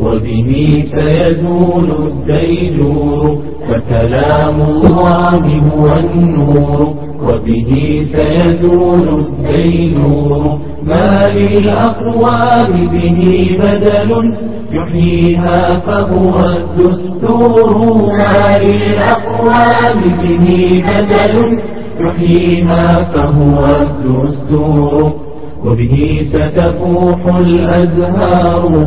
وبه سيزول الديجور فكلام الله هو النور وبه سيزول الدينور ما للأقوام به بدل يحييها فهو الدستور ما للأقوام به بدل يحييها فهو الدستور وبه ستفوح الأزهار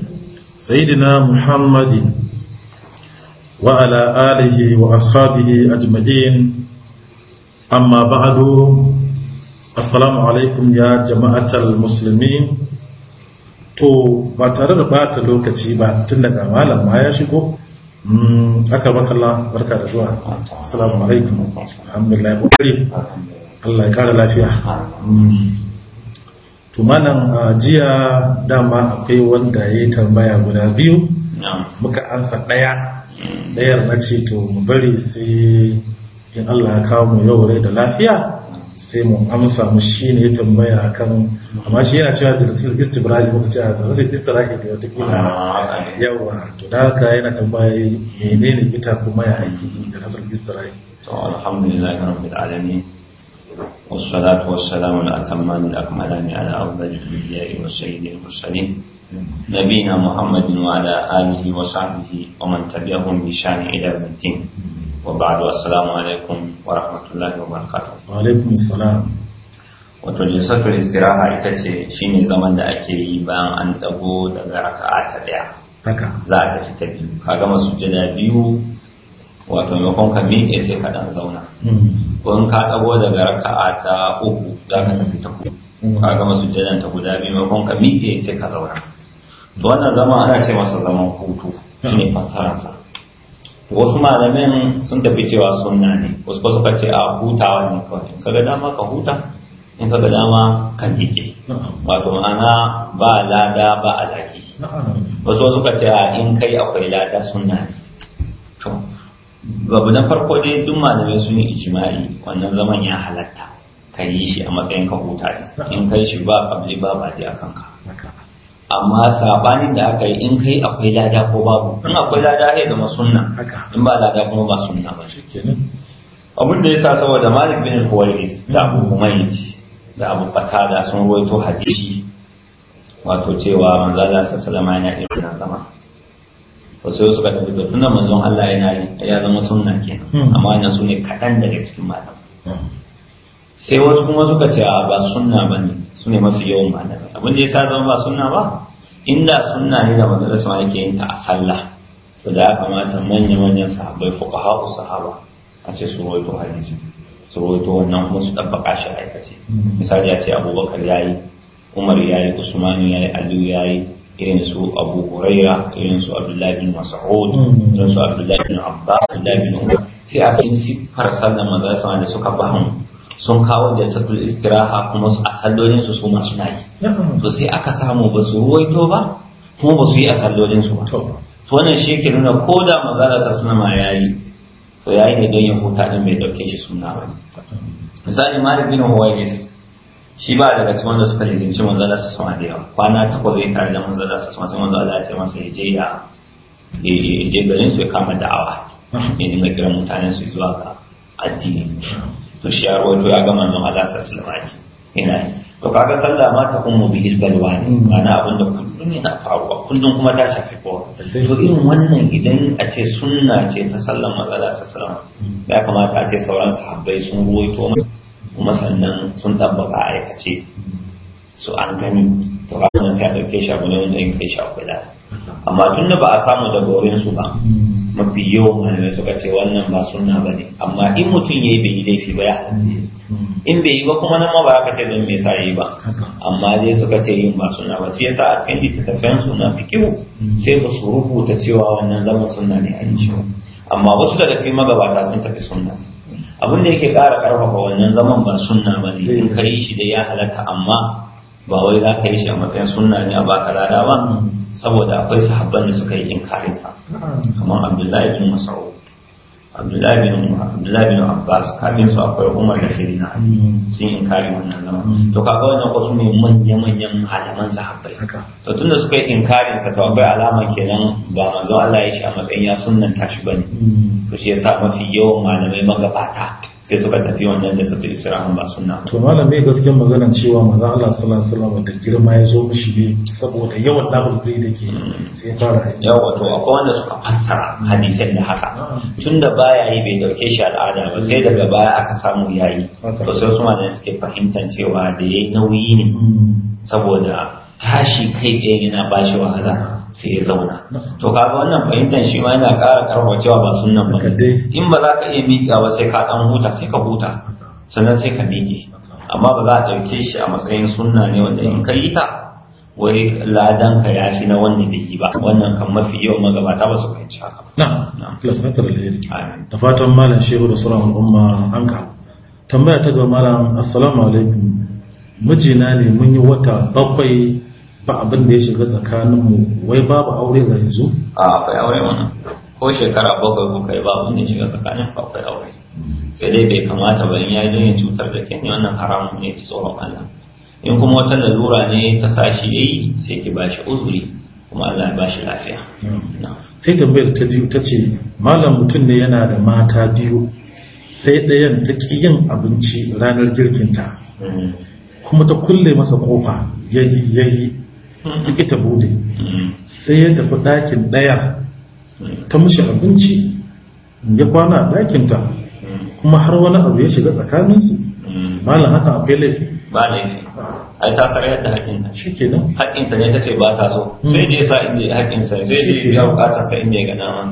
سيدنا محمد وعلى آله وأصحابه أجمعين أما بعد السلام عليكم يا جماعة المسلمين to ba tare da bata lokaci ba tun daga malam ma ya shigo aka bakalla barka da zuwa assalamu alaikum alhamdulillah Allah ya kara lafiya tumanan a jiya dama akwai wanda ya tambaya guda biyu muka ansa ɗaya hmm. ɗayar na ce to mu bari sai in Allah ya kawo mu yau da lafiya sai mu amsa mu shi ne ya tambaya akan amma shi yana cewa da rasul istibrali muka ce a rasul istibrali da wata ah, yawa to da haka yana tambaya menene ita kuma ya aiki da rasul istibrali to alhamdulillah rabbil alamin والصلاة والسلام الأتمان الأكملان على أفضل الأنبياء والسيد المرسلين نبينا محمد وعلى آله وصحبه ومن تبعهم بشان إلى يوم الدين وبعد السلام عليكم ورحمة الله وبركاته وعليكم السلام wato jinsatul istiraha ita ce shine zaman da ake yi bayan an dago daga raka'a ta daya haka za a tafi ta biyu ka gama sujjada biyu wato maimakon ka miƙe sai ka dan zauna ko ka dago daga raka'a ta uku za ka tafi ta ka gama ta guda biyu maimakon ka miƙe sai ka zauna to wannan zama ana ce masa zaman hutu shine fassararsa wasu malamin sun tafi cewa sunna ne wasu suka ce a hutawa ne kawai ka ga dama ka huta in ka ga dama ka miƙe wato ma'ana ba lada ba alaki wasu suka ce a in kai akwai lada sunna ne babu na farko dai duk malamai sun yi ijimai wannan zaman ya halatta ka yi shi a matsayin ka huta ne in kai shi ba kabli ba ba dai akan ka amma sabanin da aka yi in kai akwai lada ko babu in akwai lada sai zama sunna in ba lada kuma ba sunna ba abin da yasa saboda malik bin huwairis da abu humayt da abu fatada sun ruwaito hadisi wato cewa manzo Allah sallallahu alaihi wasallam yana irin zama wasu suka tafi da sunan manzon Allah ya yi ya zama sunna kenan hmm. amma su ne kaɗan daga cikin malam hmm. sai wasu kuma suka ce a ba sunna ba ne su ne mafi yawan malamai abin da ya sa zama ba sunna ba inda sunna ne da manzon sama yake yin ta a sallah to da ya kamata manya-manyan sahabbai fuqaha sahaba a ce su roito hadisi su roito wannan kuma su ɗabbaƙa shi aikace hmm. misali a ce abubakar ya yi umar ya yayi usmanu yi, aliyu ya yi. irin su abu huraira irin su abdullahi bin mas'ud irin su abdullahi bin abbas abdullahi bin umar sai a cikin siffar sallar manzon sama da suka bahamu sun kawo jalsatul istiraha kuma a sallolin su masu suna yi to sai aka samu ba su ruwaito ba kuma ba su yi a su ba to wannan shi ke nuna ko da maza da suna ma yayi to yayi ne don ya huta din bai dauke shi suna ba misali malik bin ne. shi ba daga cikin wanda suka lizinci manzo Allah su sama da kwana ta kwaye tare da manzo Allah su alaihi wasallam manzo Allah ya ce masa ya je ya je garin su ya kama da'awa ya dinga kiran mutanen su zuwa ga addini to shi ya rawaito ya ga manzo Allah sallallahu alaihi wasallam ina to kaga sallah ma ta ummu bihi balwani mana ma'ana abin da ne yana faruwa kullun kuma ta shafi ko to irin wannan idan a ce sunna ce ta sallar manzo Allah sallallahu alaihi wasallam ya kamata a ce sauran sahabbai sun ruwaito kuma sannan sun tabbata a aikace su an gani to ba sai a ɗauke shi abu ne wanda in kai shi akwai da amma tun da ba a samu da wurin su ba mafi yawan malamai suka ce wannan ba sunna ba ne amma in mutum ya yi bai yi laifi ba ya in bai yi ba kuma nan ma ba ka ce don me sa yi ba amma dai suka ce yin ba sunna ba sai yasa a cikin littattafan suna fikihu sai ba su rubuta cewa wannan zama sunna ne a yi shi amma wasu daga cikin magabata sun tafi sunna abin da yake ƙara ƙarfafa wannan zaman ba sunna ba ne in eh. ka shi da ya halatta amma ba wai za ka yi shi a matsayin sunna ne a baka lada ba mm. saboda akwai sahabban da suka yi inkarinsa kamar abdullahi bin mas'ud abdullahi bin abbas kafin su akwai umar da sai na hmm. sun yi inkari wannan zama hmm. to kaga wannan ko su ne manya manyan malaman sahabbai to tunda suka yi inkarin sa to akwai alama kenan ba manzo Allah ya shi a matsayin ya sunnan tashi bane hmm. to shi yasa mafi yawan malamai magabata sai suka tafi wannan jasa ta isra'an ba suna. to malam bai gaskiyar magana cewa maza Allah sallallahu alaihi wasallam da girma ya zo mishi ne saboda yawan labulbai da ke sai fara yi yawa to akwai wanda suka fassara hadisan da haka tunda baya yi bai dauke shi al'ada ba sai daga baya aka samu yayi to sai su ne suke fahimtar cewa da yayi nauyi ne hmm. saboda tashi kai tsaye yana bashi wahala sai ya zauna to kaga wannan fahimtar shi ma yana ƙara karfa cewa ba sunnan ba in ba za ka iya miƙa ba sai ka ɗan huta sai ka huta sannan sai ka miƙe amma ba za a ɗauke shi a matsayin sunna ne wanda in ka yi ta wai ladan ka ya fi na wanda da yi ba wannan kan mafi yawan magabata ba su fahimci haka ba na'am Allah saka alheri da fatan malam shehu da sura al'umma an ka tambaya ta ga malam assalamu alaikum mijina ne mun yi wata bakwai ba abin da ya shiga tsakanin mu wai babu aure za yanzu? a akwai aure mana ko shekara bakwai muka yi babu da ya shiga tsakanin akwai aure sai dai bai kamata ba in ya yi ya cutar da kai ne wannan haramun ne ki tsoro Allah in kuma wata lalura ne ta sa shi yayi sai ki ba shi uzuri kuma Allah ya ba shi lafiya hmm. sai tambayar ta biyu ta ce malam mutum ne yana da mata biyu sai ɗayan ta ki yin abinci ranar ta, hmm. kuma ta kulle masa kofa yayi yayi ki ki ta bude mm. sai ya tafi ɗakin ɗaya mm. ta mushi abinci ya kwana a ɗakinta mm. kuma har wani abu ya shiga tsakaninsu malam haka akwai fele ba laifi ai ta karyar yadda haƙinta shi ke nan haƙinta ne ta ce ba ta so sai dai sa inda ya haƙinsa sai dai ya bukata sa inda ya gana ma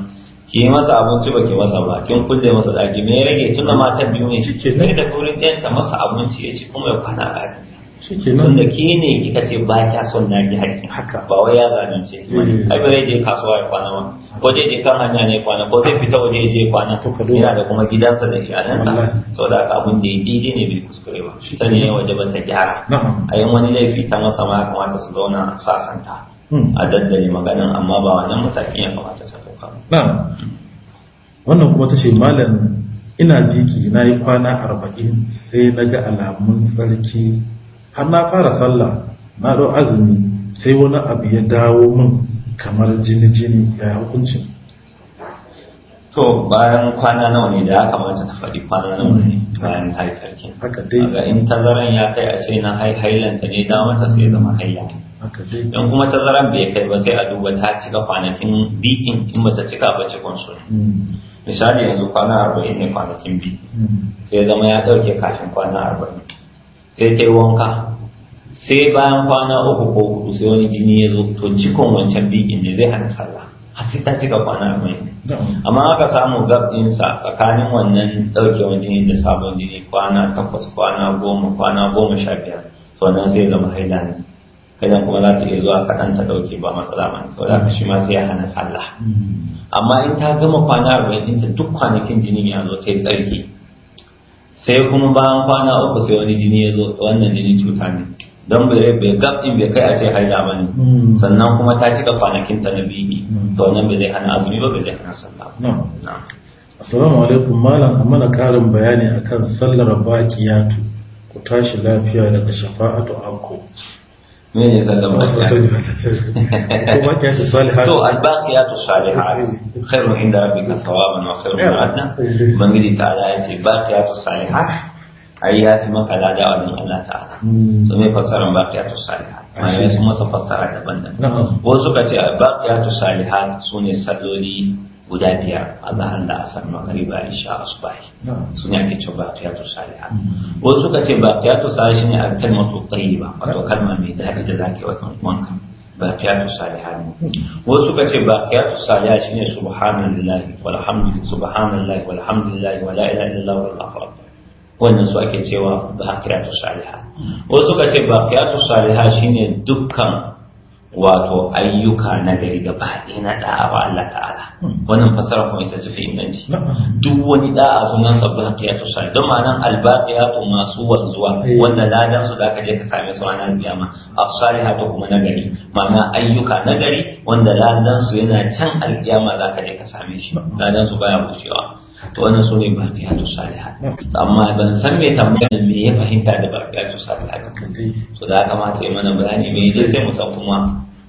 ki yi masa abinci ba ki masa ba kin kulle masa ɗaki me ya rage tunda matan biyu ne sai da wurin ɗayan ta masa abinci ya ci kuma ya kwana a ɗakin shikenan da ke ne kika ce ba kya son na ji haƙƙi haka ba wai ya zalunce ki ba mm. ai ba zai je kasuwa ya kwana ba ko zai je kan hanya ne kwana ko zai fita waje je kwana yana da kuma gidansa da iyalansa saboda haka abin da ya daidai ne bai kuskure ba ta ne waje ba ta gyara a yin wani laifi ta masa ma ya kamata su zauna sasanta mm. a daddare maganin amma ba wannan matakin ya kamata ta ɗauka ba. wannan kuma ta ce malam ina jiki na yi kwana arba'in sai na ga alamun tsarki har na fara sallah na ɗau azumi sai wani abu ya dawo min kamar jini-jini ya hukuncin to bayan kwana nawa ne da ya kamata ta faɗi kwana nawa ne mm. bayan ta yi sarki ga in tazaran ya kai a ce na hailanta ne da mata sai zama haila don kuma tazaran bai kai ba sai a duba ta cika kwanakin bikin in ba ta cika ba cikon su mm. misali yanzu kwana arba'in ne kwanakin bi mm. sai zama ya ɗauke kafin kwana arba'in sai ta yi wanka sai bayan kwana uku ko hudu sai wani jini ya zo to cikon wancan bikin ne zai hana sallah har sai ta cika kwana mai amma aka samu gabinsa tsakanin wannan daukewar jini da sabon jini kwana takwas kwana goma kwana goma sha biyar to nan sai zama haila ne kaidan kuma za ta iya zuwa kaɗan ta ɗauke ba matsala ba ne saboda haka shi ma sai ya hana sallah mm. amma in ta gama kwana arba'in ɗinta duk kwanakin jinin ya zo ta yi tsarki sai kuma bayan kwana uku sai wani jini ya zo wannan jinin cuta ne don bai gab din bai kai a ce haila ba ne hmm. sannan kuma ta cika kwanakin ta na biyu hmm. to wannan bai zai hana azumi ba bai zai hana sallah ba assalamu alaikum malam amma na karin bayani akan sallar baqiyatu ku tashi lafiya daga shafa'atu akko مين يسلم عليك ومكيات الصالحات الباقيات الصالحات إيه. خير عند ربك ثوابا وخير من عدنا من قد تعالى يأتي الباقيات الصالحات أي يأتي مقع الأداء من الله تعالى ثم يفسر الباقيات الصالحات ما يسمى سفسر هذا بندا نعم. وزكت الباقيات الصالحات سوني السلولي guda biyar a zahar da a asar magariba isha asubahi su ne ake cewa baqiyatu saliha hmm. wasu suka ce baqiyatu saliha shine al-kalmatu tayyiba wato kalma mai daɗi da zaki wa wanka baqiyatu saliha ne hmm. wasu suka ce baqiyatu saliha shine subhanallahi walhamdulillah subhanallahi walhamdulillah wala ilaha illallah wal akbar wannan su ake cewa baqiyatu saliha hmm. wasu suka ce baqiyatu saliha shine dukkan wato ayyuka na gari gaba na da'a Allah ta'ala hmm. wannan fasara kuma ita ce fi inganci hmm. duk wani da'a sunan sabbin haƙiyatu sai don ma'anan albaqiyatu masu wanzuwa hmm. wanda ladan su zaka je ka same su ranar kiyama as-salihatu kuma na gari ma'ana ayyuka na gari wanda ladan su yana can alkiyama zaka je ka same shi ladan su baya bushewa. to wannan su ne baqiyatu salihat amma ban san me tambayar me ya fahimta da baqiyatu salihat to da aka ma yi mana bayani me zai sai mu san kuma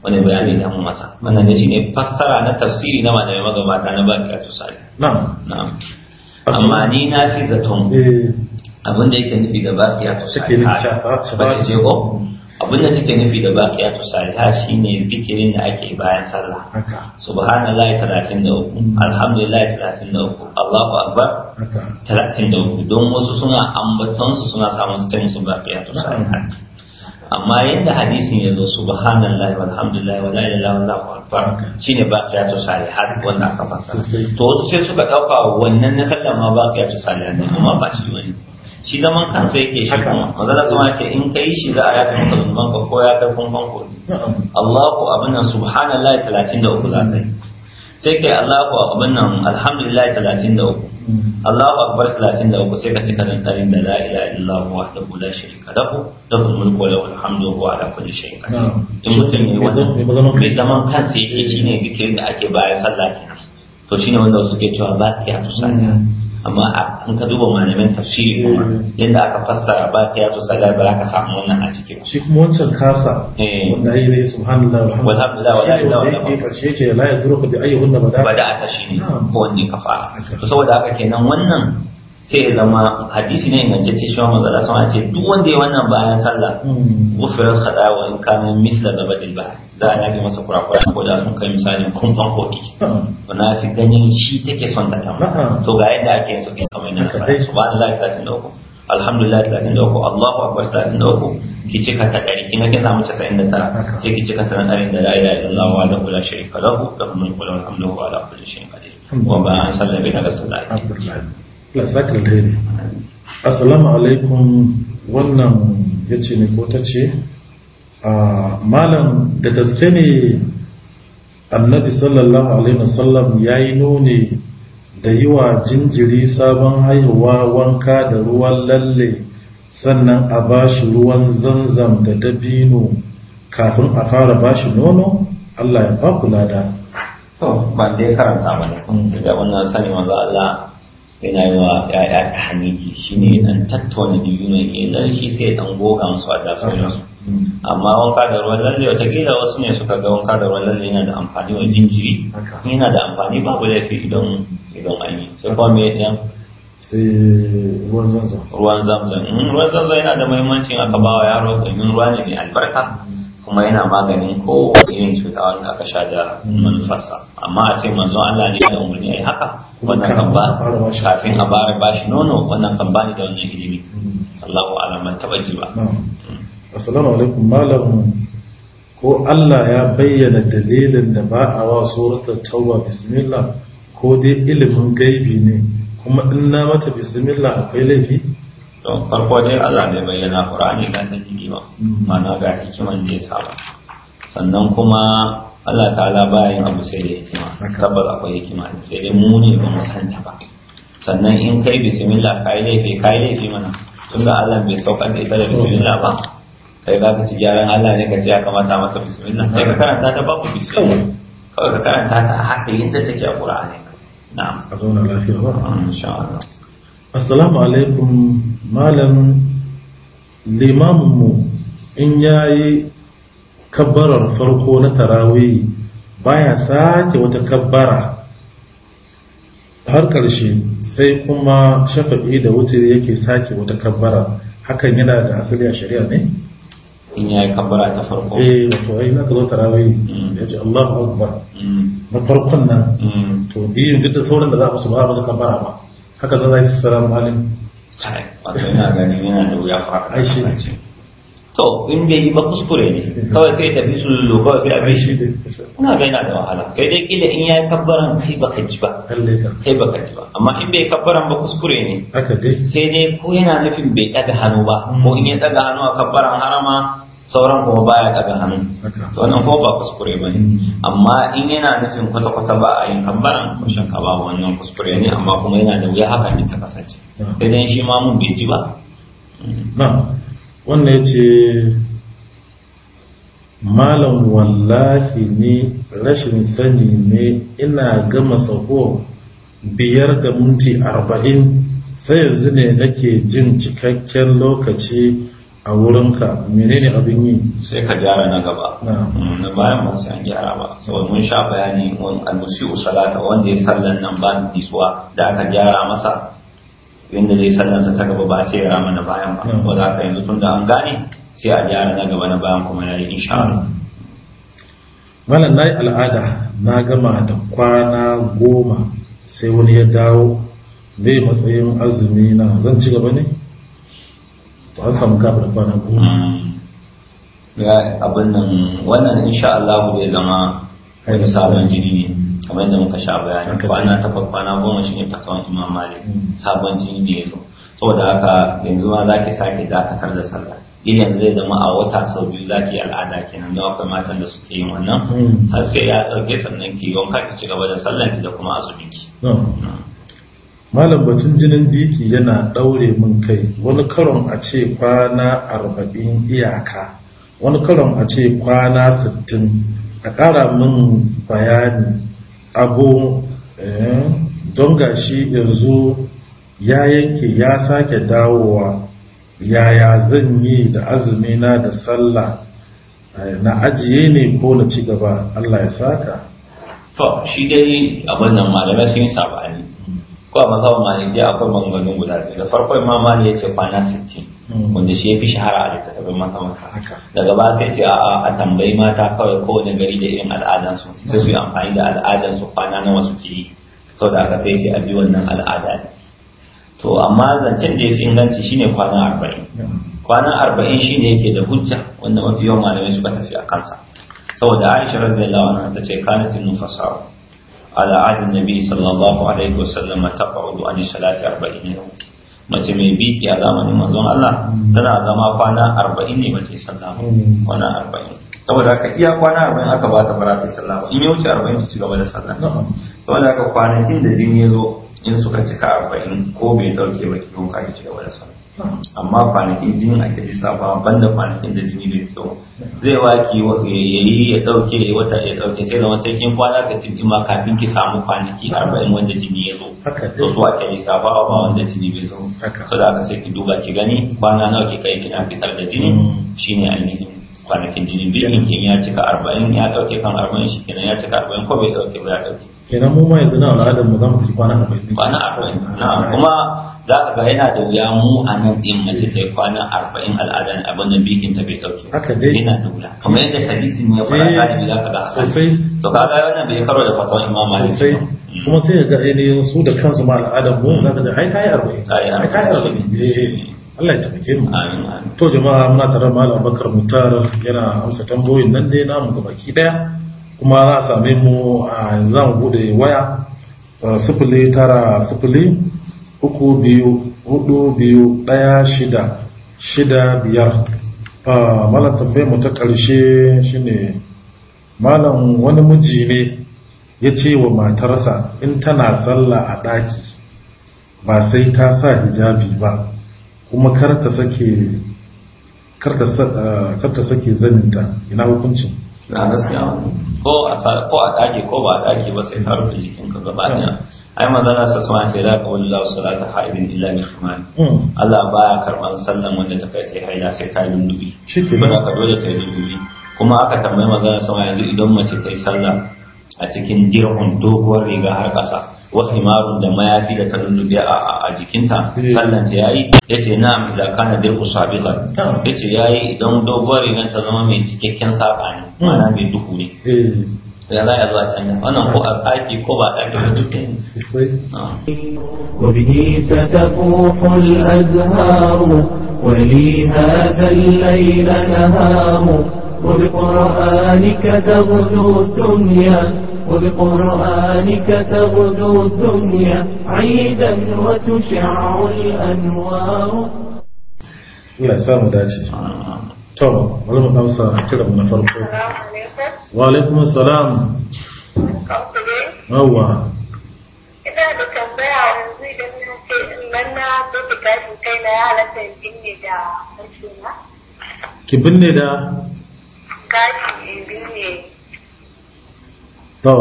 wani bayani da mu masa wannan ne shine fassara na tafsiri na malamai magabata na baqiyatu salihat na'am na'am amma ni na fi zaton eh. abin da yake nufi da baqiyatu salihat ba ce ko abin da take nufi da baqiyatu salihah shine zikirin da ake bayan sallah subhanallahi 33 alhamdulillah 33 Allahu akbar 33 don wasu suna ambaton su suna samun su kai musu baqiyatu salihah amma yadda hadisin ya zo subhanallahi walhamdulillahi wala ilaha illallah akbar shine baqiyatu salihah wanda aka fassara to wasu sai suka dauka wannan na sallah ma baqiyatu salihah ne amma ba shi wani shi zaman kansa yake shi kuma mazala zama ce in ka yi shi za a yafi maka zunuban ka ko ya kai kumban ko Allahu abin nan subhanallah uku za ka yi sai kai Allahu abin nan alhamdulillah uku. Mm. Allahu akbar uku sai ka cika dan karin da la ilaha illa kula shi la dafu da kuma mulku wa lahul wa ala kulli shay'in qadir in mutum ne wannan mai zaman kansa yake shine zikirin da ake bayan sallah kenan to shine wanda suke cewa ba ta yi amma in ka duba malamin tafsiri kuma eh. yadda aka fassara ba ta yato sagar ba ka samu wannan a ciki ba shi kuma wancan kasa eh. wanda ya yi subhanallah walhamdulillah wala ilaha illa huwa karshe ce la yadruku bi ayyuhunna bada bada ta shi ne ko wanne ka fara to saboda haka kenan wannan sai ya zama hadisi ne ingantacce shi wa manzala sun ce duk wanda ya wannan bayan sallah hmm. gufirar hada wa in kana misla da badil ba za a yaga masa kurakura ko da sun kai misalin kumfan koɗi hmm. na fi ganin shi take son ta tamma hmm. to ga yadda ake yin su kai kamar yana fara subhanallah 33 alhamdulillah 33 Allahu akbar 33 ki cika ta dari kin ga zamu 99 sai ki cika ta dari da la ilaha illallah wa la ilaha sharika lahu lahul mulku wa lahul hamdu wa ala kulli shay'in qadir wa ba an sallama bi hada salati lasakar dare assalamu alaikum wannan ya ce ne ko ta ce ah, malam da gaske ne annabi sallallahu alaihi wasallam ya yi nuni da yi wa jinjiri sabon haihuwa wanka da ruwan lalle sannan a ba shi ruwan zanzam da dabino kafin a fara ba shi nono allah ya ba da. to ba dai karanta ba ne kun da wannan sani wanzu Allah yana yi wa ya'ya ta haniki shi ne ɗan tattauna dubino ke eh, shi sai ɗan goga musu a dasu amma wanka da ruwan lalle watakila wasu ne suka ga wanka da ruwan lalle yana da amfani wa jinjiri yana da amfani babu laifi idan idan an yi sai kuma me ɗan ruwan zamzam ruwan zamzam ruwan zamzam yana da mahimmancin aka ba wa yaro domin ruwa ne mai albarka kuma yana maganin ko irin cuta wanda aka sha da manufarsa amma a ce manzo Allah ne ya umarni ai haka wannan kan ba kafin a bara bashi nono wannan kan bani da wannan ilimi Allahu a'lam man taba ji ba assalamu alaikum malam ko Allah ya bayyana dalilin da ba a wa suratul tauba bismillah ko dai ilimin gaibi ne kuma in na mata bismillah akwai laifi don farko dai Allah bai bayyana Qur'ani da ta mm-hmm. ma na ga hikiman da ya saba sannan kuma Allah ta'ala yin abu sai da hikima tabbas akwai hikima sai dai mu ne ba mu san ta ba sannan in kai bismillah kai laifi kai laifi mana tun da Allah bai saukar da ita da bismillah ba kai za ka ci gyaran Allah ne ka ce ya kamata masa bismillah sai ka karanta ta babu bismillah kawai ka karanta ta haka yadda take a Qur'ani na'am a zauna lafiya ba insha Allah assalamu alaikum malam limaminmu in ya yi kabbarar farko na tarawih baya sake wata kabbara har ƙarshe sai kuma shafa'i da wuce yake sake wata kabbara hakan yana da asali a shari'a ne in ya yi kabbara ta farko eh to ai na zo tarawih mm. ya ce Allahu akbar mm. na farkon nan mm. to biyu eh, duk da sauran da za a musu ba a kabbara ba haka zan zai salamu alaikum kai wato ina gani yana da wuya fara haka ai shi to in bai yi ba kuskure ne kawai sai tafi su lulu kawai sai a bi shi kuna ga yana da wahala sai dai kila in ya yi kabbaran kai ba ka ji ba kai ba ka ji ba amma in bai kabbaran ba kuskure ne sai dai ko yana nufin bai ɗaga hannu ba ko in ya ɗaga hannu a kabbaran harama sauran kuma baya daga hannu to wannan ko ba kuskure ba ne mm. amma in yana nufin kwata-kwata ba a yin kambaran ko ka ba wannan kuskure ne amma kuma yana da wuya haka ne ta kasance sai dai shi ma mun bai ji ba mm. wannan ya ce malam wallahi ne rashin sani ne ina gama sako biyar da minti arba'in sai yanzu ne nake jin cikakken lokaci a wurinka menene abin yi sai ka gyara na gaba na bayan ba sai an gyara ba saboda mun sha bayani wani almusi salata wanda ya sallan nan ba nisuwa da aka gyara masa yadda zai sa ta gaba ba ce ya rama na bayan ba saboda aka yanzu tun da an gane sai a gyara na gaba na bayan kuma ya yi insha Allah malam na yi al'ada na gama da kwana goma sai wani ya dawo bai matsayin azumi na zan ci gaba ne ba samu kafin kwana goma hmm. abin nan wannan insha Allah zai zama wani sabon jini ne kamar yadda muka sha bayani kwana takwas kwana goma shi ne imam malik hmm. sabon jini ne yanzu saboda haka yanzu ma zaki sake dakatar da sallah idan zai zama a wata sau biyu za ki al'ada kenan don akwai matan da suke yin wannan hmm. har sai ya ɗauke sannan ki wanka ki ci gaba da sallan ki da kuma azumin ki. malam batun jinin diki yana daure min kai wani karon a ce kwana arba'in iyaka wani karon a ce kwana sittin a ƙara min bayani abu eh, don gashi yanzu ya yake ya sake dawowa yaya zan yi da azumina da sallah eh, na ajiye ne ko na ci Allah ya saka to shi dai abin nan malamai sun yi sabani ko a mazhaban maliki akwai maganganun guda biyu da farko imam mali ya ce kwana sittin mm. wanda shi ya fi shahara a littattafin makamata daga ba sai ce a tambayi mata kawai kowane gari da irin al'adansu sai su yi amfani da su kwana nawa ke yi sau da aka sai ce a bi wannan al'ada ne to amma zancen da ya fi inganci shine kwana arba'in mm. kwana arba'in shine yake da hujja wanda mafi yawan malamai su suka fi a kansa saboda aisha radiyallahu anha ta ce tinu nufasawa على عهد النبي صلى الله عليه وسلم تقعد عن الصلاة أربعين يوم mace mai biki alamani zamanin manzon Allah tana zama kwana arba'in ne mace sallah kwana arba'in saboda haka iya kwana arba'in aka ba ta bara sai sallah in yauce arba'in ta ci gaba da sallah saboda haka kwanakin da jini ya zo in suka cika arba'in ko bai dauke ba ki ka ci gaba da sallah amma kwanakin jini ake lissafa ban da kwanakin da jini bai fito zai waki yayi ya dauke ya wata ya dauke sai da wasu kin kwana sai tun ima kafin ki samu kwanaki arba'in wanda jini ya zo to su ake isa ba wanda jini bai zo to da aka sai ki duba ki gani kwana nawa ki kai kina fitar da jini mm. shine ainihin kwanakin jini biyu kin ya cika arba'in ya dauke kan arba'in shi kenan ya cika arba'in ko bai dauke ba ya dauke kenan mu ma yanzu na al'adar mu zamu ji kwana 40 kwana 40 kuma za ka ga yana da wuya mu a nan din mace ta yi kwana 40 al'adar abin da bikin ta bai dauke haka dai yana da wuya kamar yadda hadisi ne ya fara galibi eh, za ka ga sosai to ga wannan bai karo da fatawa imam malik sosai mm. kuma sai ga ne su da kansu ma al'adar mu za ka ga ai ta yi 40 ai ta yi 40 eh, eh, Allah ya taimake mu. To jama'a muna tare da Malam Bakar Mutar yana amsa tambayoyin nan dai namu gabaki daya. kuma za a same mu a zan bude waya sifili tara sifili uku biyu hudu biyu daya shida biyar malam tambayar mu ta ƙarshe shine malam wani miji ne ya ce wa matarsa in tana sallah a ɗaki ba sai ta sa hijabi ba kuma karta sake kar sake zaninta ina hukuncin na gaskiya ko a ko a daki ko ba a daki ba sai ka rufe jikinka gaba ɗaya ai manzon sa sun ce la qawlu la salata haibin illa bi khiman hmm. Allah baya karɓan sallan wanda ta kai kai haila sai ka yi shi ba ka dole yi dundubi kuma aka tambayi manzon sa yanzu idan mace kai sallah a cikin girman doguwar riga har ƙasa وخمار دم ما يفي له تلندبي ا جيكينتا سنن إيه. تياي يتي نعم اذا كان ديق سابقا نعم. يتي ياي دون دوغوري نتا زما مي تيكيكن سابان إيه. ما نعم بي دوكو إيه. يا لا يا الله تعالى انا هو اسايتي كو با دك تيكين نعم. وبه ستفوح الازهار ولي هذا الليل نهار وبقرانك تغدو الدنيا وبقرآنك تغدو الدنيا عيدا وتشع الأنوار يا سلام داتي تو ولما نوصى كده من فرقه وعليكم السلام هو ina da tambaya yanzu idan na ce nan na gashin kai ya halatta da ki binne da Kashi binne to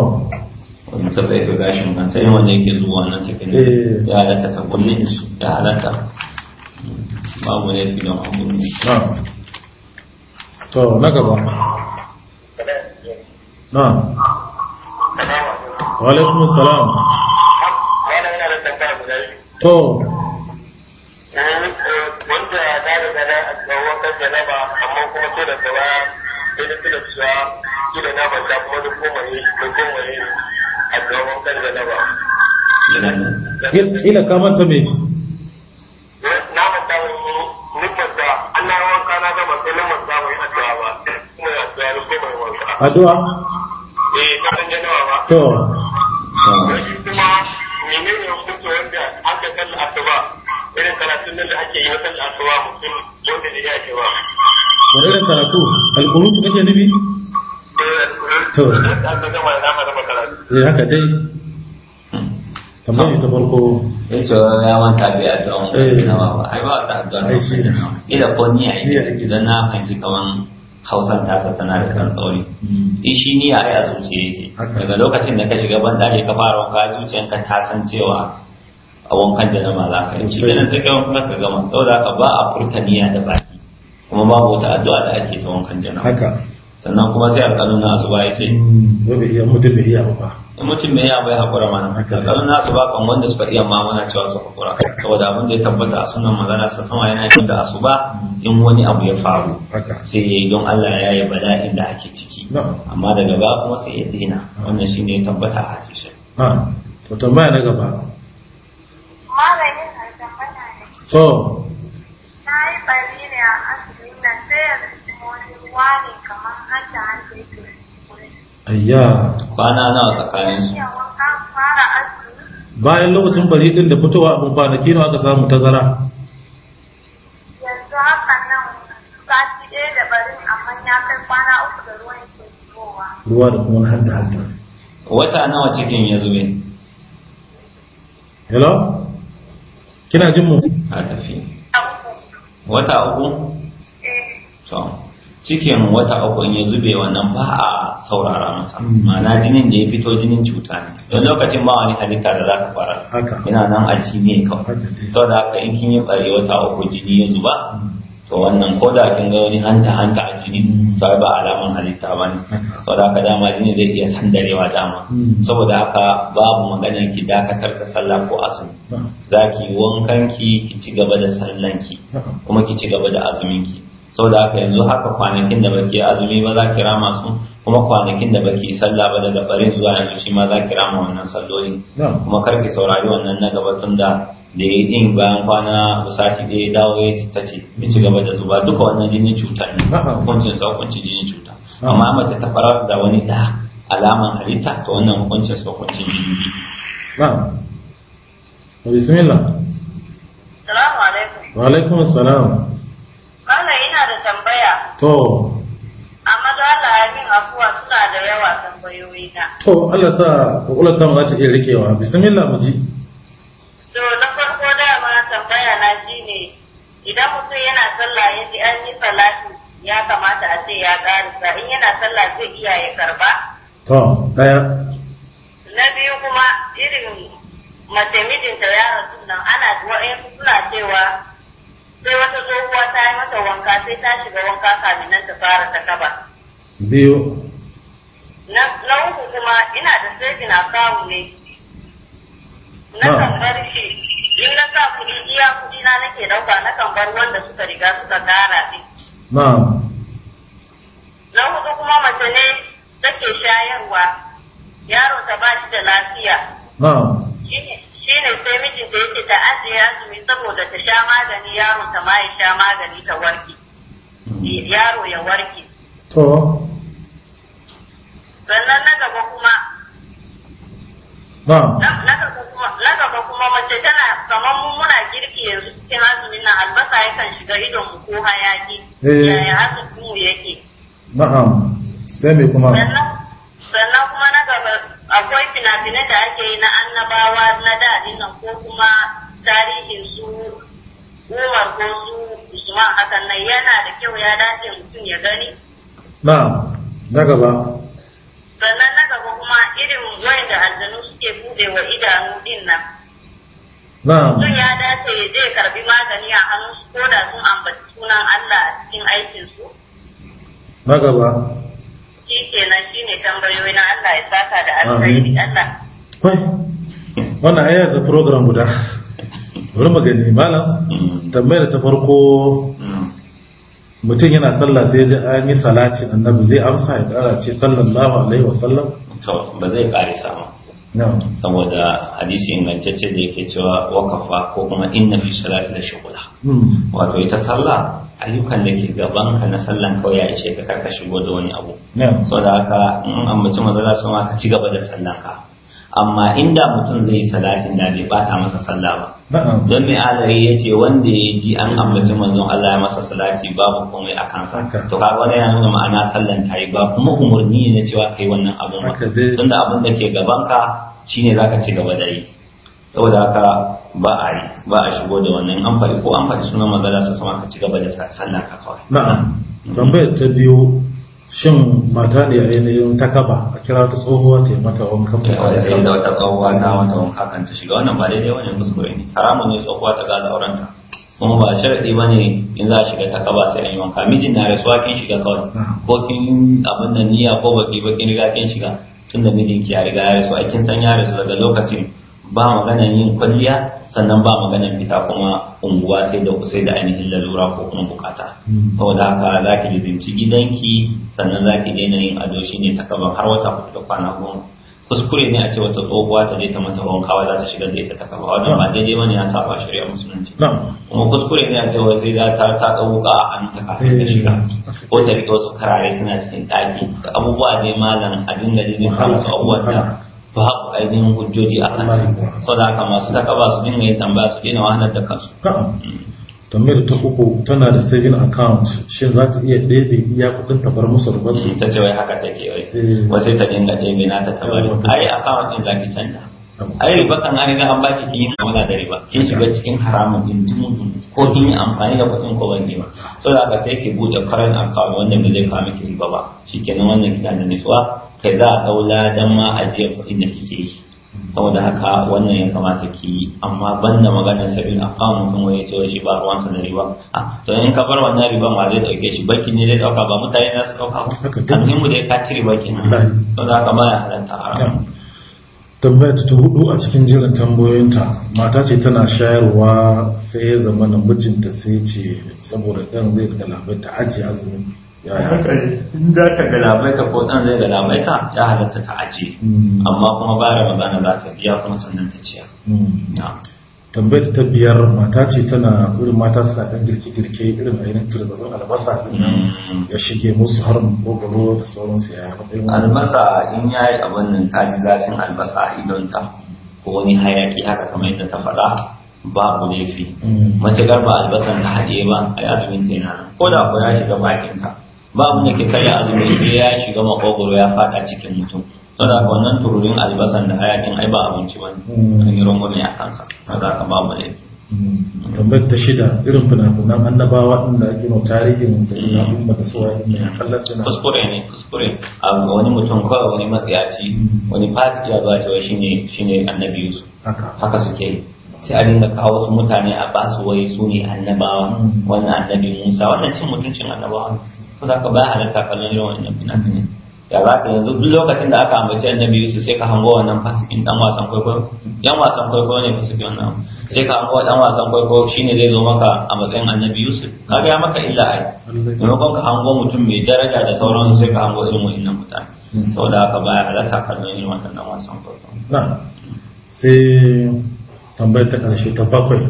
wani ta tsaye gashin kanta yin wanda yake zuwa nan take ne ya halatta ta kulle ya halatta babu ne fi don abubuwa to na gaba na walaikun salam to eh, wanda da na a tsawon kan amma kuma so da gaba sai da tuna cewa kila eh, na manta kuma da koma da koma a gaban kan da na ba. me? wani nufin da Allah wanka na sai na manta mai addu'a ba. Kuma ya da wanka. Addu'a? Eh, na ɗan janawa ba. To. Kuma menene hukuncin wanda aka kalla asuba irin karatun nan da ake yi wasan asuwa mutum wanda ne ake ba wani irin karatu alkunutu kake nufi to eh, eh, haka dai tambayar ta farko ya eh, ce ya manta bai addu'a na ba ai ba ta addu'a ta shi ne ila ko niyya ake dan na fahimci kaman Hausar ta tana da kan tsauri hmm. in shi niyya ai a zuciya yake daga lokacin da ka shiga ban dare ka fara wanka zuciyanka ta san cewa a wankan da nama za ka yi shi nan sai ka gama da ka ba a furta da baki kuma babu wata addu'a da ake ta wankan da na haka sannan kuma sai alƙalun na asuba ya ce hmm. mutum bai iya ba in mutum bai iya ya haƙura mana alƙalun na asuba kan wanda suka iya ma muna cewa su haƙura saboda abin da ya tabbata a sunan magana sa sama yana yin da asuba in wani abu ya faru sai ya yi don Allah ya yi bala'in da ake ciki amma daga ba kuma sai ya daina wannan shine ya tabbata a hadisi. Ah. to tambaya na gaba maganin aljaman ne to na yi bari ne a asibitin da sai yanzu wani ruwa ne kamar hanta hanta yake ayya kwana na tsakanin su bayan lokacin bari din da fitowa abin kwanaki nawa aka samu tazara yanzu haka nan sati ɗaya da barin amma ya kai kwana uku da ruwan ke fitowa ruwa da kuma hanta hanta wata nawa cikin ya zube hello kina jin mu a tafi wata uku to cikin wata uku ya zube wannan ba a saurara masa hmm. ma'ana jinin da ya fito jinin cuta ne don lokacin ba wani halitta da za ka fara yana nan a ne kawai saboda haka in kin yi bare wata uku jini ya zuba hmm. to wannan koda kin ga wani hanta hanta a jini hmm. to ba alaman halitta ba ne saboda haka dama jini zai iya sandarewa dama hmm. saboda haka babu maganar ki dakatar da sallah ko azumi za ki wankan ki ki ci gaba da sallan ki kuma ki ci gaba da azumin ki saboda haka yanzu haka kwanakin da baki azumi ba za ki rama su kuma kwanakin da baki sallah ba daga bare zuwa yanzu shi ma za ki rama wannan sallolin kuma kar ki saurari wannan na gaba tun da da ya yi bayan kwana sati ɗaya dawo ya ta ce ya ci gaba da zuba duka wannan jinin cutar ne hukuncin sa jinin cuta amma mace ta farar da wani da alaman halitta ta wannan hukuncin su hukuncin jini na'am bismillah salamu alaikum wa alaikum assalam Kala ina da tambaya to A da Allah ya min afuwa suna da yawa tambayoyi na to Allah sa kokulan ta mu za ta iya rikewa bismillah mu ji to na farko da ma tambaya na shine idan mutum yana sallah yaji an yi salatin ya kamata a ce ya karisa in yana sallah zai iya ya karba to daya na biyu kuma irin mace mijinta ya rasu nan ana wa'in suna cewa sai wata tsohuwa ta yi mata wanka sai ta shiga wanka kamin nan ta fara ta kaba biyu na uku kuma ina da na account ne na kan shi in na sa kuɗi iya kuɗi na nake ɗauka na kan bar wanda suka riga suka gara ɗin na'am na hudu kuma mace ne take shayarwa yaro ta ba shi da lafiya na'am ne sai mijinta yake ta ajiye azumi saboda ta sha magani yaro ta ma ya sha magani ta warke hmm. yaro ya warke to sannan na gaba kuma na kuma mace tana kamar mu muna girki yanzu cikin azumin nan albasa ya kan shiga idon mu ko hayaki eh. yaya azumin mu yake na'am sai me kuma sannan kuma na gaba akwai fina-finai da ake yi na annabawa na daɗin nan ko kuma tarihin su umar ko su usman hakan nan yana da kyau ya dace mutum ya gani na'am na gaba sannan na gaba kuma irin wayanda aljanu suke bude wa idanu din nan Mutum ya dace ya je karbi magani a hannun ko da sun ambaci sunan Allah a cikin aikin su? gaba. Shi kenan shi ne tambayoyi na Allah ya saka da alkhairi Allah. Wannan ayar da program guda. Bari mu gani malam tambayar ta farko mutum yana sallah sai ji an yi salati annabi zai amsa ya kara ce sallallahu alaihi wasallam. To ba zai kare sama. saboda hadisi ingantacce da yake cewa wakafa ko kuma inna fi salati da shugula hmm. wato ita sallah ayyukan da ke gaban ka na sallan kawai ya ishe ka karka shigo da wani abu saboda haka in an mutum maza za su ma ka ci gaba da sallan ka amma inda mutum zai yi salatin da bai bata masa sallah ba don mai alari ya ce wanda ya ji an ambaci manzon Allah ya masa salati babu komai a kansa to kaga wani ya nuna ma'ana sallan ta yi ba kuma umarni ne na cewa kai wannan abun ba da abun da ke gabanka shine zaka ci gaba da yi saboda haka ba a yi ba a shigo da wannan an faɗi ko an faɗi sunan magana su sama ka ci gaba da sallah ka kawai na'am tambayar ta biyu shin mata ne ainihin ta kaba a kira ta tsohuwa ta yi mata wankan ba wanda sai da wata tsohuwa ta wata wanka kan ta shiga wannan ba daidai wani musulmi ne haramun ne tsohuwa ta gaza aurenta kuma ba sharadi ba ne in za a shiga ta kaba sai an yi wanka mijin na rasuwa kin shiga kawai ko kin abin da niyya ko baki kin riga kin shiga tun da mijinki ya riga ya rasu kin san ya rasu daga lokacin ba maganan yin kwalliya sannan ba maganan fita kuma unguwa sai da sai da ainihin lalura ko kuma bukata hmm. saboda haka za ki lizinci gidanki sannan za ki daina yin ado shi ne takaban har wata hudu da kwana goma kuskure ne a ce wata tsohuwa ta je ta mata wankawa za ta shiga da ita takaba wannan ba daidai bane ya saba shari'a musulunci kuma kuskure ne a ce wasu sai ta ta dauka a hannu ta kafin ta shiga hmm. ko ta rike wasu karare tana cikin daki abubuwa dai malam a dinga jin kan su abubuwan da babu ainihin hujjoji a kan so da haka masu takaba su dinga yin tambaya su dina wahalar da kansu tambayar ta uku tana da saving account shin za ta iya ɗebe iya kuɗin tabar musu da basu ta ce wai haka take wai eh. wasai ta dinga ɗebe na ta tabar ai account ɗin za ki canja ai riba kan an riga an baki kin yi magana da riba kin shiga cikin haramun din dumu ko kin yi amfani da kuɗin ko ban ba so da haka sai ki buɗe current account wanda ba zai kawo miki riba ba shikenan wannan kina da nutsuwa kai za a ɗaula don ma ajiyar kuɗin da kike yi saboda haka wannan ya kamata ki yi amma banda maganar sabin a kamun kan wani cewa shi ba sa da riba a ah, to in ka bar wannan riba ma zai dauke shi baki ne zai dauka ba mutane na su dauka ba kan mu da ka ci riba kin saboda haka ba ya halatta haram tambayar ta hudu a cikin jiran tambayoyinta mata ce tana shayarwa sai ya zama na mijinta sai ce saboda dan zai da labai ta ajiye azumi in za ta galabaita ko ɗan zai galabaita ya halatta ta aje hmm. amma kuma ba da za ta biya kuma sannan ta ciya hmm. tambayar ta biyar mata ce tana wurin mata suna ɗan girke-girke irin a yanin albasa hmm. ya shige musu har gogoro da sauransu ya matsayin albasa in ya yi abin nan ta ji zafin albasa a ta ko wani hayaki haka kamar yadda ta faɗa babu laifi matuƙar ba albasan ta haɗe ba a yi azumin ta yana ko da ko ya shiga bakinta Babu da ke karya azumi sai ya shiga makogoro ya fada cikin mutum saboda ka wannan tururin albasan da hayakin ai ba abinci ba an yi rangwame a kansa saboda ka ba mu laifi hmm. tambayar ta shida irin fina-finan annabawa da ake nau tarihin da ina hmm. ba da suwa ne a kallon suna kuskure ne kuskure a wani mutum kawai wani matsayaci hmm. wani fasiki ya zuwa cewa shine ne annabi yusuf haka suke yi sai a dinga kawo wasu mutane a basu wai su ne annabawa wannan annabi musa wannan cin mutuncin annabawa kuma ka ba halatta kallon yawan wannan fina-finai ya za ka yanzu duk lokacin da aka ambaci annabi yusuf sai ka hango wannan fasikin dan wasan kwaikwayo yan wasan kwaikwayo ne fasikin wannan sai ka hango dan wasan kwaikwayo shine zai zo maka a matsayin annabi yusuf ka ga maka illa ai maimakon ka hango mutum mai daraja da sauransu sai ka hango irin wannan mutane saboda haka baya halatta kallon irin wannan wasan kwaikwayo sai tambayar ta karshe ta bakwai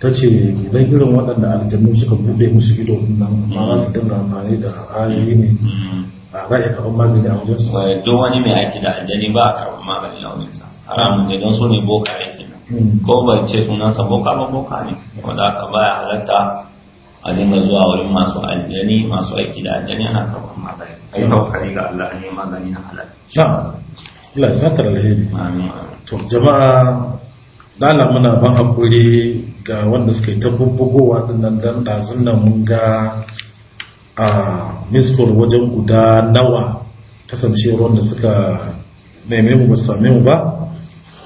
ta ce idan irin waɗanda aljannu suka buɗe musu ido nan ma za su dinga amfani da ayoyi ne mm-hmm. ba za a iya karɓar magani a wajen su. don wani mai aiki da aljani ba a karɓar magani a wajen sa haram ne don so ne boka aiki mm. ko ba ce sa boka ba boka ne wanda aka baya halatta a dinga zuwa wurin masu aljani masu aiki da aljani ana karɓar magani ai tawakkali ga Allah ne magani na halal. Allah ya sakar alheri. Amin. To jama'a lala muna ban haƙuri ga wanda suka yi ta bubbugowa dinnan don ɗazun nan mun ga a miskol wajen guda nawa kasancewar wanda suka neme mu ba same mu ba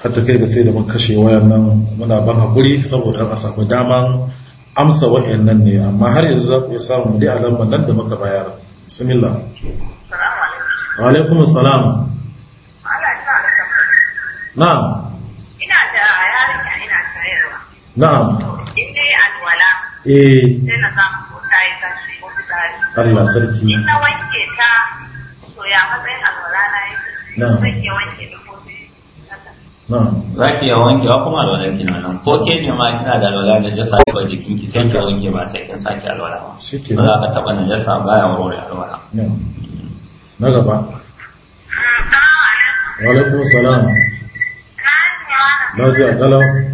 ta kai ga sai da mun kashe wayan nan muna ban haƙuri saboda a samu daman amsa wayan nan ne amma har yanzu za ku iya samun mu dai alamman nan da muka bayar bismillah wa alaikum salam na'am na'am in alwala eh sai na samu ta yi Allah sarki in na wanke ta to matsayin alwala na na'am zan wanke da kofi za ki iya wanke wa kuma alwala ki nan ko ke ne ma kina da alwala da jasa ba jikin ki sai ki wanke ba sai kin sake alwala ba ba za ka taba nan jasa baya wuri alwala na gaba mm, wa alaikum salam Na lafiya galau.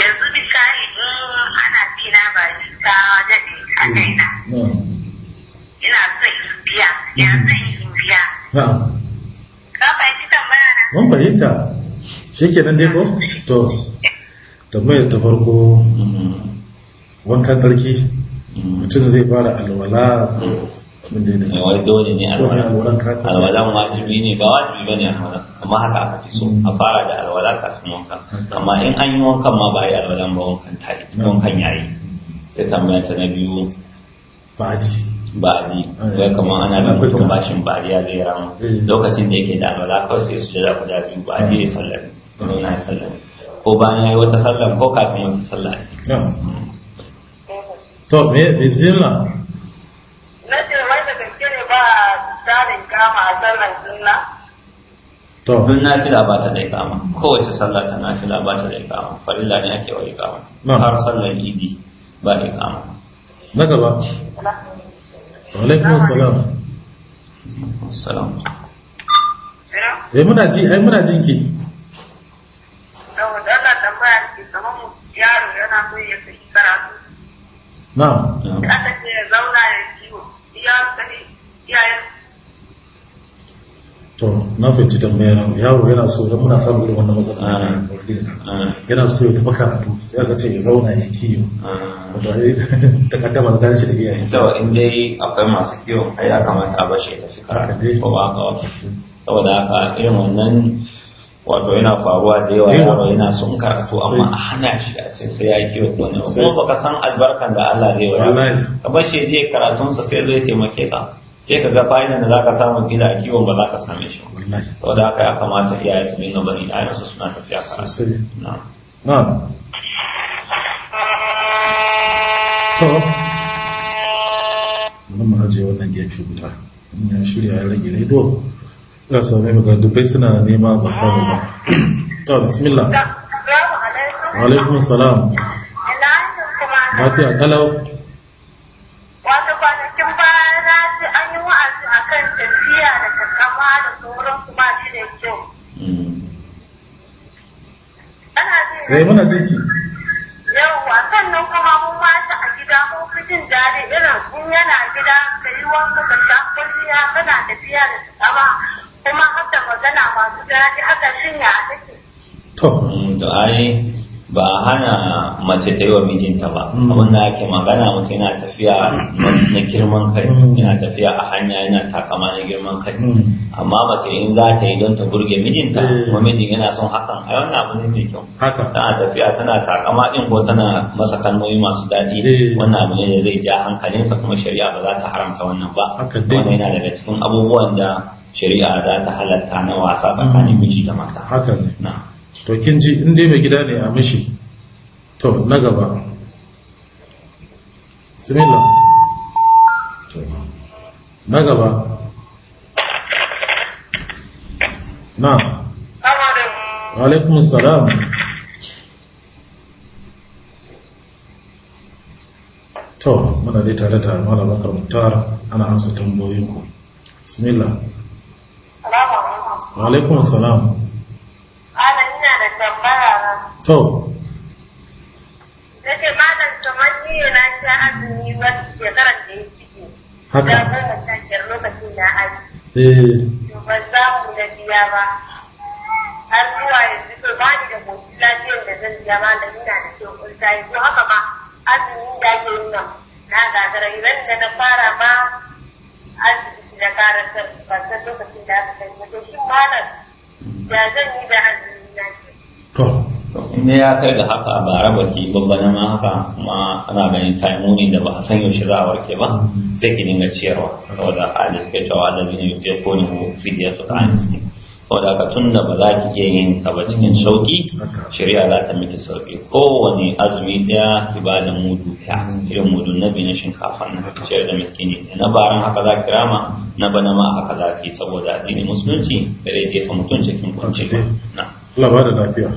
yanzu misali in ana dina ba ta daɗe a daina ina son yin biya ya mm. zan in biya ka fahimci tambaya na mun fahimta ke nan ko to tambayar ta farko mm, wankan tsarki mm. mutum zai fara alwala mai wai dole ne alwalan wajibi ne ba wajibi ba ne alwalan amma haka aka fi so a fara da alwala kafin wankan amma in an yi wankan ma ba a yi alwalan ba wankan ta yi wankan ya yi sai tambaya ta na biyu ba'adi ba'adi ah, wai kamar ana da mutum bashin ya zai rama eh. lokacin da yake da alwala kawai sai su jira guda biyu ba'adi ya sallami na ya sallami ko bayan ya yi wata sallan ko kafin wata sallah to me zirna ikama a sallar sunna to duk nafila ba ta da ikama kowace sallah ta nafila ba ta da ikama farilla ne ake wa ikama har sallar idi ba da ikama na gaba alaikum assalam Salam. eh muna ji ai eh, muna jin ki saboda Allah tambaya ki kamar yana so ya saki karatu na'am ya zauna ya ciwo iya sani iyayen to na fahimci tambayar yaro yana so don muna samun irin wannan matsala ah. Ah. yana so ya tafi karatu sai aka ce ya zauna ya kiyo ah. wato ai takaddama da shi da iyaye to in dai akwai masu kiyo ai ya kamata a bar ya tafi karatu ko ba ka wato saboda haka irin wannan wato yana faruwa da yawa yaro yana son karatu amma a hana shi a ce sai ya kiyo wani kuma baka san albarkan da Allah zai wa ka bar shi zai karatunsa sai zai taimake ka sai ka ga fa'idan da zaka samu gida a kiwon ba za ka same shi ba da haka ya kamata iyaye su dinga bani iyayen su suna tafiya karatu na'am to mun ma aje wannan gefe guda in ya shirya ya rage rido, ya same ka dubai suna nema ba samu ba to bismillah wa alaikum salam lafiya kalau da sauran kuma shi kyau. Yau jin. Eh muna Yawwa sannan kuma mun mata a gida mun fi jin daɗi irin in yana gida ka yi wanka ka sha kwalliya kana tafiya da tsaba kuma haka magana masu daɗi haka shinya take. To, mm, to ai ba hana mace ta yi wa mijinta ba mm. abin da ake magana mace yana tafiya na girman kai mm. yana tafiya a hanya yana takama na girman kai mm. amma mace in za ta yi don ta burge mijinta eh. kuma mijin yana son hakan a wannan abu ne mai kyau tana tafiya tana takama din ko tana masa kalmomi masu daɗi eh. wannan abu ne da zai ja hankalinsa kuma shari'a ba za ta haramta wannan ba wannan yana daga cikin abubuwan da shari'a za ta halatta na wasa tsakanin miji da mata. Haka ne. to kin ji in dai mai gida ne a mishi to na gaba bismillah na gaba na alaikun salam to muna dai tare da mana bakar mutar ana amsa tambayoyinku bismillah alaikun salam tambaya ba. To. Na malam azumi ba da ya ciki. Haka. Na zama shakiyar lokacin na aji. Eh. biya ba. Har zuwa yanzu to ba ni da motsi lafiyar da zan biya ba da da yi haka da ke nuna na gagara idan da na fara ba azumi na karantar lokacin da aka kai malam ya zan yi da azumi ne ya kai da haka ba raba ki na ma haka kuma ana ganin taimuni da ba a san yaushe za a warke ba sai ki dinga ciyarwa saboda hadis ke cewa da ne ya ko ne mu fidiya to kan shi saboda ka tunda ba za ki iya yin sa ba cikin shauki shari'a za ta miki sauki kowane azumi daya ki ba da mudu ta irin mudu na na shinkafa na ciyar da miskini na baran haka za ki rama na bana ma haka za ki saboda addinin musulunci da zai fa mutum cikin kunci na Allah ba da lafiya.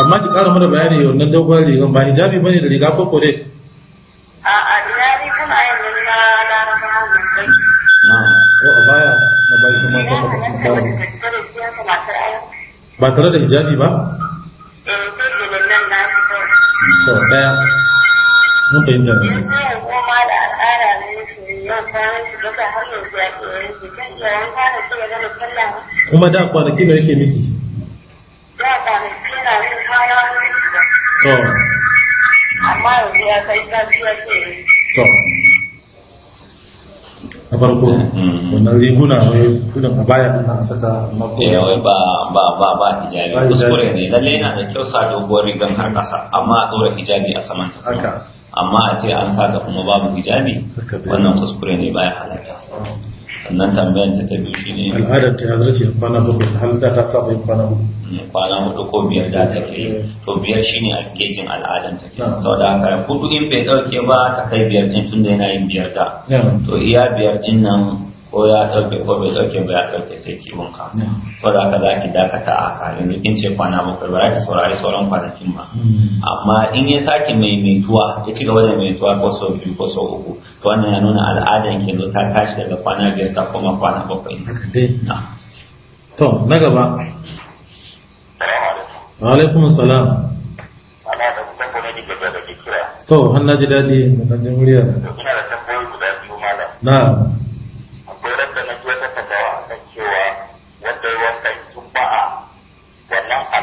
amma ki ƙara mana bayani yau nan dogon rigan ba hijabi bane da riga koko dai a a hijabi kuma a yanzu na larabawa ne ko oh, a baya na bai kuma ta ba tare da hijabi ba eh, to daya mun fahimta ne ƙara mishi yawan kayan shi duka har yanzu ya ke yanki kan iya wanka da ke gama sallah kuma da kwanaki da yake miki da kwanaki na yin kaya to amma yanzu ya kai kafi ya ke to a farko mm. wannan riguna wai kudin a baya na saka mako eh wai ba ba ba ba hijabi kuskure ne lalle yana da kyau sa doguwar rigan har kasa amma a dora hijabi a saman ta haka amma a ce an saka kuma babu hijabi wannan kuskure ne baya halatta sannan tambayan ta tabi shi ne al'adar ta hazara ce kwana hudu har ta saba yin kwana hudu kwana hudu ko biyar da ta ke to biyar ne a gejin al'adar ta ke aka haka kudu in bai dauke ba ta kai biyar din da yana yin biyar da to iya biyar din nan ko ya sauke ko bai sauke ba ya sauke sai kiwon ka ko mm. da za ki dakata a ka yanzu kin ce kwana bakwai ba za ki saurari sauran kwanakin ba mm. amma in ya sake mai mai tuwa ya ci gaba da tuwa ko sau biyu ko sau uku to wannan ya nuna al'adar ke zo ta tashi daga kwana biyar ta koma kwana bakwai to na gaba wa alaikum salam to hannaji daɗi da ɗan jamhuriyar na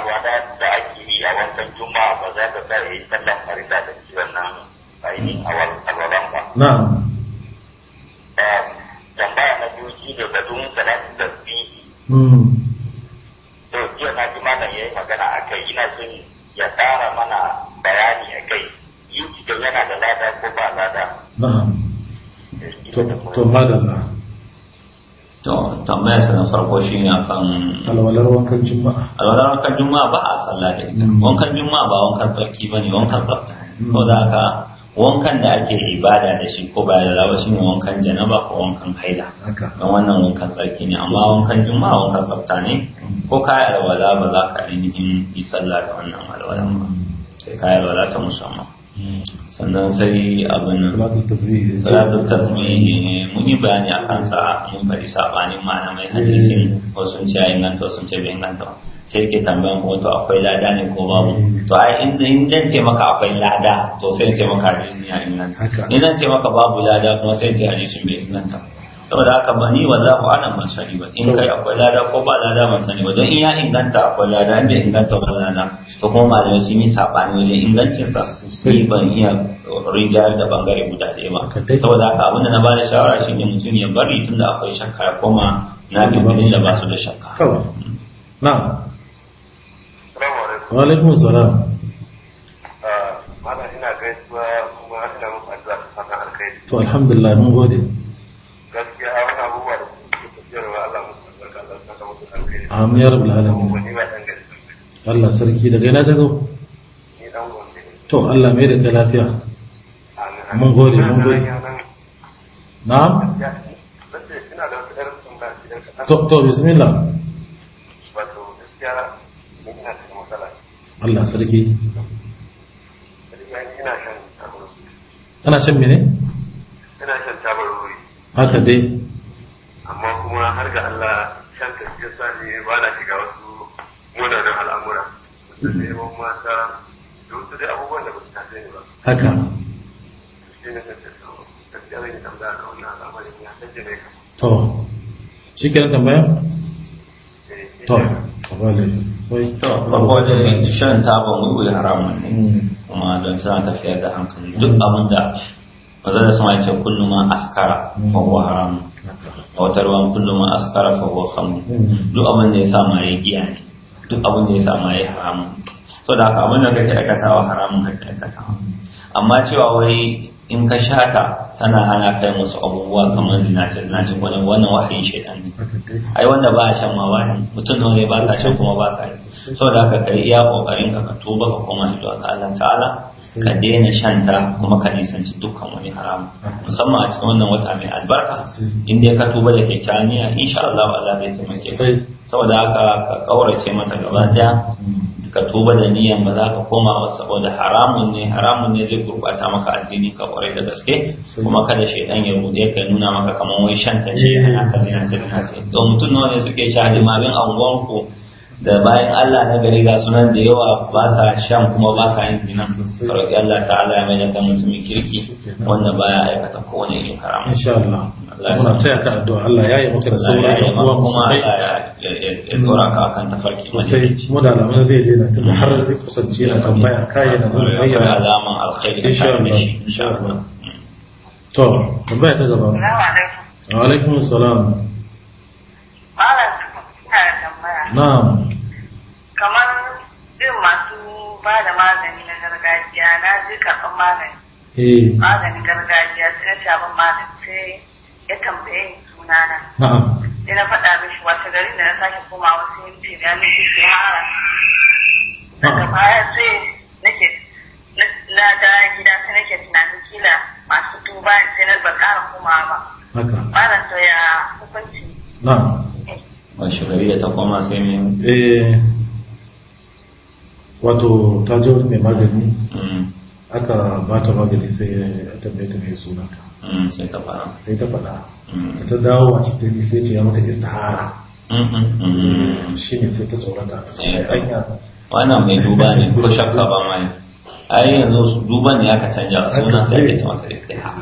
wata da ake yi a wancan juma'a ba za ka tsaye yi sallan farilla da shi wannan a ba. Na'am. Tambaya na biyu shi salatu da fihi. To jiya na ji malam ya yi magana a kai ina son ya tsara mana bayani a kai. yana da lada ko ba lada. Na'am. Eh, to madalla. to tambayar sa na farko shi ne akan alwalar wankan juma'a alwalar wankan juma'a ba a sallah da ita mm. wankan juma'a ba wankan tsarki ba ne wankan tsafta ko da ka wankan da ake ibada da shi ko ba da ba shi ne wankan janaba ko wankan haila don wannan wankan tsarki ne amma wankan juma'a wankan tsafta ne mm. ko kayi alwala ba za ka ainihin yi sallah da wannan alwalan ba mm. sai kayi alwala ta musamman sannan sai abin salatu tasbihi mun yi bayani a kansa mun bari sabanin mai hadisin wasu ce nan to sun ce bai to sai ke tambayan ko to akwai lada ne ko babu to ai in zan ce maka akwai lada to sai ce maka hadisin ya inganta in zan ce maka babu lada kuma sai ce hadisin bai to saboda haka ba ni wallahu alam ban sani ba in kai akwai lada ko ba lada ban sani ba don in ya inganta akwai lada in bai inganta ba lada to kuma malamai sun yi sabani wajen ingancin sa sai ban iya rinjayar da bangare guda ɗaya ba saboda haka abinda na bada shawara shine mutum ya bari tunda akwai shakka ya koma na bibirin da ba su da shakka na wa alaikum salam ah, malam ina gaisuwa kuma ina muku addu'a ta fatan alkhairi to alhamdulillah mun gode amin ya rabu alamin Allah sarki daga yana daga to Allah mai da lafiya mun gode mun gode Na. to to bismillah Allah sarki ana shan mene? ina shan tabar wuri haka dai kuma har ga Allah shan tafiya ne ba na shiga wasu munanan al'amura neman mata da wasu dai abubuwan da ba su tafi ne ba haka shi ne kan tafiya tafiya zan yi tambaya ga wannan al'amarin ya tafiya ne ka to shi kenan tambaya eh, to eh. to farko da shan taba mu yi haramun ne mm. kuma don tana tafiyar da hankali duk abin da manzon sama ya ce kullum a askara fa huwa haram a wata ruwan kullu askara fa huwa duk abin da ya sa ma ya giya ne duk abin da ya sa ma ya haramun so da haka abin da kake aikatawa haramun kake aikatawa amma cewa wai in ka shata tana hana kai musu abubuwa kamar zina ce wani wannan wahayin shaidan ne ai wanda ba a shan ma wahayin mutum ne ba sa shan kuma ba sa yi saboda haka kai iya kokarin ka ka tuba ka koma ido ga Allah ta'ala ka daina shan ta kuma ka nisanci dukkan wani haram musamman a cikin wannan wata mai albarka in dai ka tuba da ke niyya insha Allah Allah zai taimake ka saboda haka ka kaurace mata gaba daya ka tuba da niyan ba za ka koma ba saboda haramun ne haramun ne zai gurbata maka addini ka kwarai da gaske kuma kada shaidan ya rude ka nuna maka kamar wai shan shi ne ana ka zina ce don mutum nawa ne suke sha limamin anguwanku da bayan Allah na gari ga sunan da yawa ba sa shan kuma ba sa yin zina roƙi Allah ta'ala ya mai da mutumin kirki wanda ba ya aikata kowane yin karama insha Allah Allah ya ka addu'a Allah ya yi maka da sauran da kuma kuma ya dora ka akan tafarki sosai mu da alamun zai daina tun har zai kusance na tambaya kai na mun bayyana alaman alkhairi insha Allah insha Allah to tambaya ta gaba assalamu alaikum wa alaikum assalam malam ba da magani na gargajiya na je karɓar magani eh. maganin gargajiya sai na ci magani sai ya tambaye ni sunana sai na faɗa mishi wata gari da na sake komawa sai ya ce da ya nufi shi hara daga baya sai nake na da gida sai nake tunanin kila masu duba sai na ba ƙara komawa ba Ba to ya hukunci na ba eh. shi gari da ta koma sai ne eh. wato ta ji wani mai magani mm. aka ba ta magani sai ya tambaye ta mai suna ta mm, sai ta fada ta mm. ta dawo a cikin sai ce ya mata hara. shi ne sai ta tsorata ta tsorata wannan mai duba ne ko shakka ba mai ai yanzu duba ne aka canja suna sai ake ta masa hara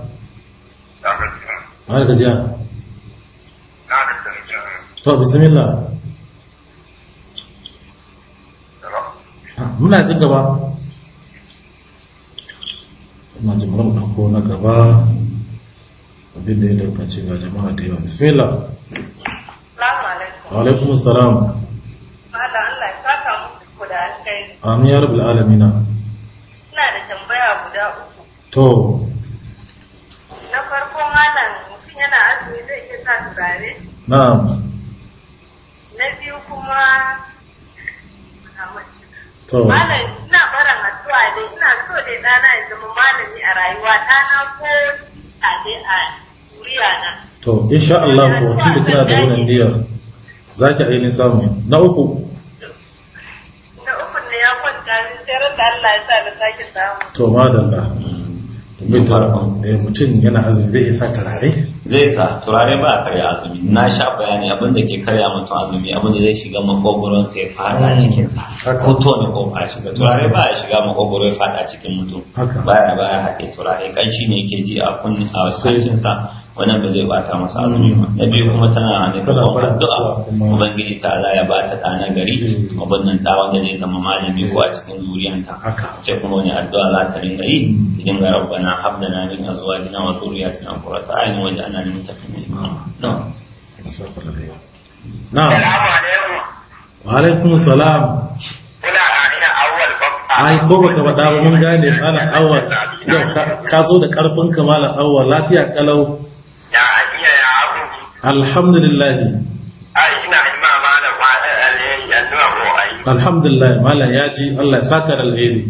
ana gajiya to bismillah muna jin gaba ina jin mara ko na gaba abinda ya daukace ga jama'a da yawa bismillah wa alaikum salam amin ya rabu alamina ina da tambaya guda uku to yana azumi zai iya sa turare? Na'am. Na biyu kuma Malam ina barin addu'a ne, ina so dai ɗana ya zama malami a rayuwa ɗana ko a dai a wuriya na. To insha Allah ko tun da kina da wannan niyyar za ki aini samu. Na uku. Na uku ne ya kwanta ni sai ran da Allah ya sa na sake samu. To madalla. bai farkon eh, mutum yana azumi zai sa turare zai sa turare ba karya azumi na sha bayani abin da ke karya mutum azumi abin da zai shiga makogoron sai fada hmm. cikin sa ko to ne ko ba shiga turare ba ya shiga makogoro ya fada cikin mutum baya baya haɗe turare kanshi ne yake ji a kunni a cikin sa wannan ba zai bata masa azumi ba na biyu kuma tana ne kuma addu'a ubangiji ta Allah ya bata ta na gari wannan ta wanda zai zama malami ko a cikin zuriyanta ce kuma wani addu'a za ta ringa yi idan ga rabbana habdana min azwajina wa dhurriyyatina qurrata a'yun waj'alna lil muttaqina imama na'am na'am wa alaikum salam kula ina awwal ai ko baka bada mun gane malam awwal ka zo da karfin ka malam awwal lafiya kalau ya iya ya abu alhamdulillah ai ina ima mala alheri addu'a ko ai alhamdulillah mala ya ji Allah ya saka da alheri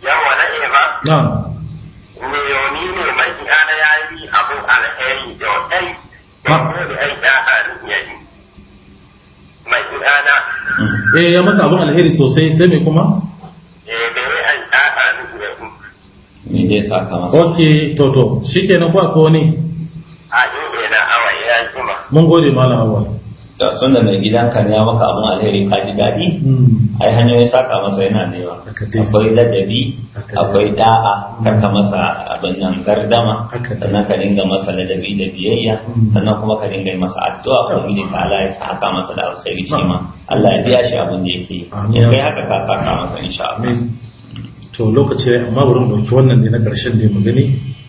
yawa na ima na'am miliyoni ne mai kana ya yi abu alheri sosai ba ko da ai da alheri mai kana eh ya maka abun alheri sosai sai me kuma eh da ai da alheri ne dai saka masa okay to to shikenan ba ko ne mun gode malam awal da tunda mai gidan ne ya maka abin alheri ka ji daɗi hmm. ai hanyoyin saka masa yana da yawa akwai ladabi akwai da'a hmm. kar ka masa abin nan gardama sannan ka dinga masa ladabi da biyayya hmm. sannan kuma ka dinga masa addu'a ko gidi ta Allah ya saka masa da alheri shi ma Allah ya biya shi abin da yake in kai haka ka saka masa insha Allah to lokaci amma burin don wannan ne na karshen da mu gani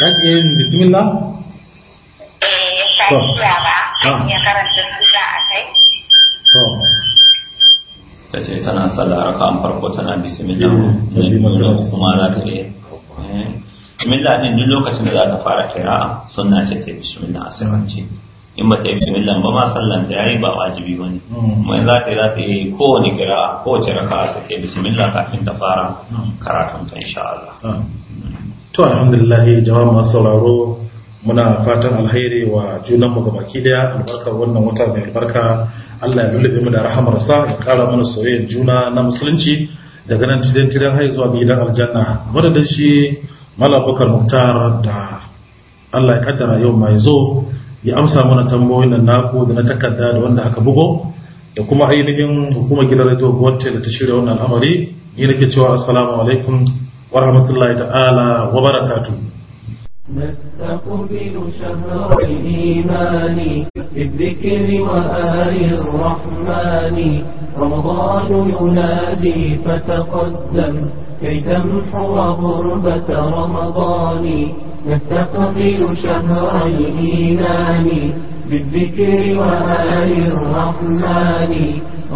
ya ke yin bismillah eh ya iya ba ah. ya karanta za a kai to ta ce tana sallah raka'an farko tana bismillah kuma za ta iya eh. bismillah din duk lokacin da za ta fara kira'a sunna ce ta bismillah asirance in ba ta yi bismillah ba ma sallan ta yayi ba wajibi bane hmm. kuma in za ta yi za ta yi kowane kira'a kowace raka'a ta yi bismillah kafin ta fara hmm. karatun ta insha Allah ah. hmm. to alhamdulillah jama'a masu sauraro muna fatan alheri wa junanmu ga baki daya albarkar wannan wata mai albarka Allah ya lulluɓe mu da rahamarsa ya kara mana soyayyar juna na musulunci daga nan tidan tidan har zuwa gidan aljanna madadin shi malam bakar muktar da Allah ya kaddara yau mai zo ya amsa mana tambayoyin nan naku da na takarda da wanda aka bugo da kuma ainihin hukumar gidan radio gwamnati da ta shirya wannan al'amari ni nake cewa assalamu alaikum ورحمة الله تعالى وبركاته نستقبل شهر الإيمان بالذكر وآل الرحمن رمضان ينادي فتقدم كي تمحو غربة رمضان نستقبل شهر الإيمان بالذكر وآل الرحمن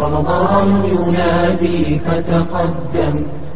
رمضان ينادي فتقدم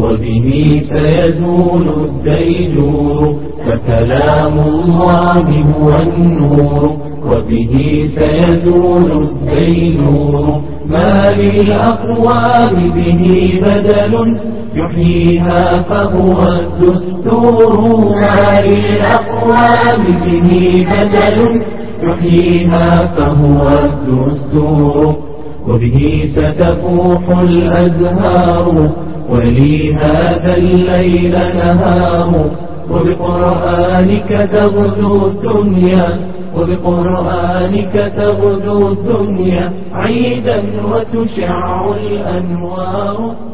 وبه سيزول الديجور فكلام الله هو النور وبه سيزول الدينور ما للأقوام به بدل يحييها فهو الدستور ما للأقوام به بدل يحييها فهو الدستور وبه ستفوح الأزهار ولي هذا الليل نهاره وبقرآنك تغدو الدنيا وبقرآنك تغدو الدنيا عيدا وتشع الأنوار